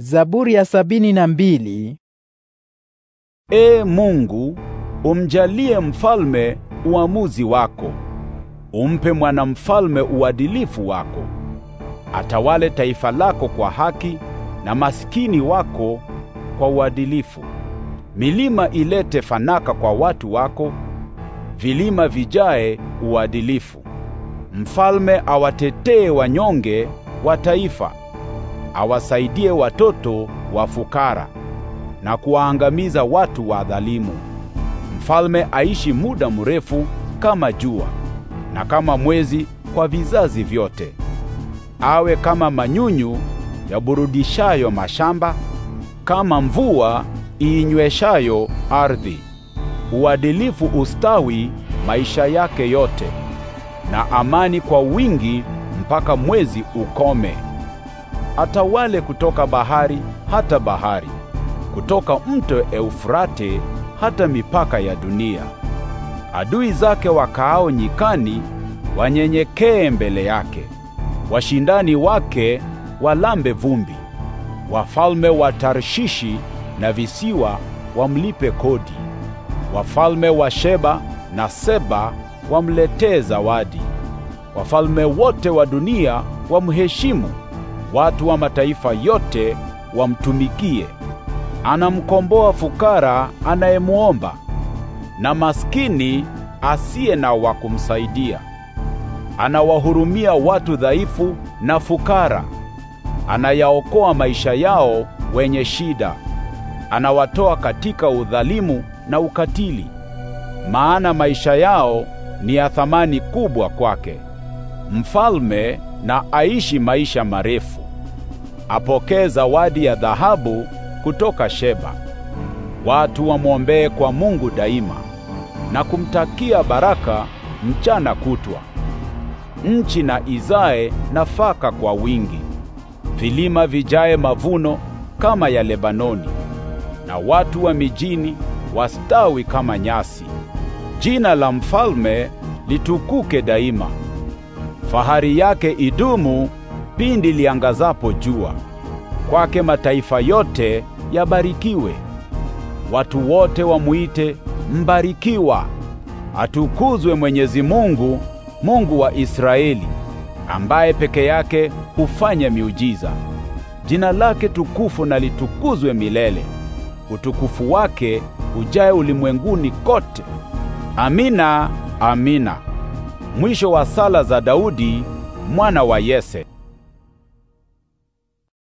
Zaburi ya sabini na mbili. Ee Mungu, umjalie mfalme uamuzi wako, umpe mwanamfalme uadilifu wako. Atawale taifa lako kwa haki na maskini wako kwa uadilifu. Milima ilete fanaka kwa watu wako, vilima vijae uadilifu. Mfalme awatetee wanyonge wa taifa awasaidie watoto wa fukara na kuwaangamiza watu wa dhalimu. Mfalme aishi muda mrefu kama jua na kama mwezi kwa vizazi vyote. Awe kama manyunyu yaburudishayo mashamba, kama mvua iinyweshayo ardhi. Uadilifu ustawi maisha yake yote, na amani kwa wingi mpaka mwezi ukome atawale kutoka bahari hata bahari, kutoka mto Eufrate hata mipaka ya dunia. Adui zake wakaao nyikani wanyenyekee mbele yake, washindani wake walambe vumbi, wafalme wa Tarshishi na visiwa wamlipe kodi, wafalme wa Sheba na Seba wamletee zawadi, wafalme wote wa dunia wamheshimu watu wa mataifa yote wamtumikie. Anamkomboa fukara anayemuomba na maskini asiye na wa kumsaidia. Anawahurumia watu dhaifu na fukara, anayaokoa maisha yao wenye shida, anawatoa katika udhalimu na ukatili, maana maisha yao ni ya thamani kubwa kwake. Mfalme na aishi maisha marefu, apokee zawadi ya dhahabu kutoka Sheba. Watu wamwombee kwa Mungu daima na kumtakia baraka mchana kutwa. Nchi na izae nafaka kwa wingi, vilima vijae mavuno kama ya Lebanoni, na watu wa mijini wastawi kama nyasi. Jina la mfalme litukuke daima. Fahari yake idumu pindi liangazapo jua. Kwake mataifa yote yabarikiwe. Watu wote wamuite mbarikiwa. Atukuzwe Mwenyezi Mungu, Mungu wa Israeli, ambaye peke yake hufanya miujiza. Jina lake tukufu na litukuzwe milele. Utukufu wake ujae ulimwenguni kote. Amina, amina. Mwisho wa sala za Daudi mwana wa Yese.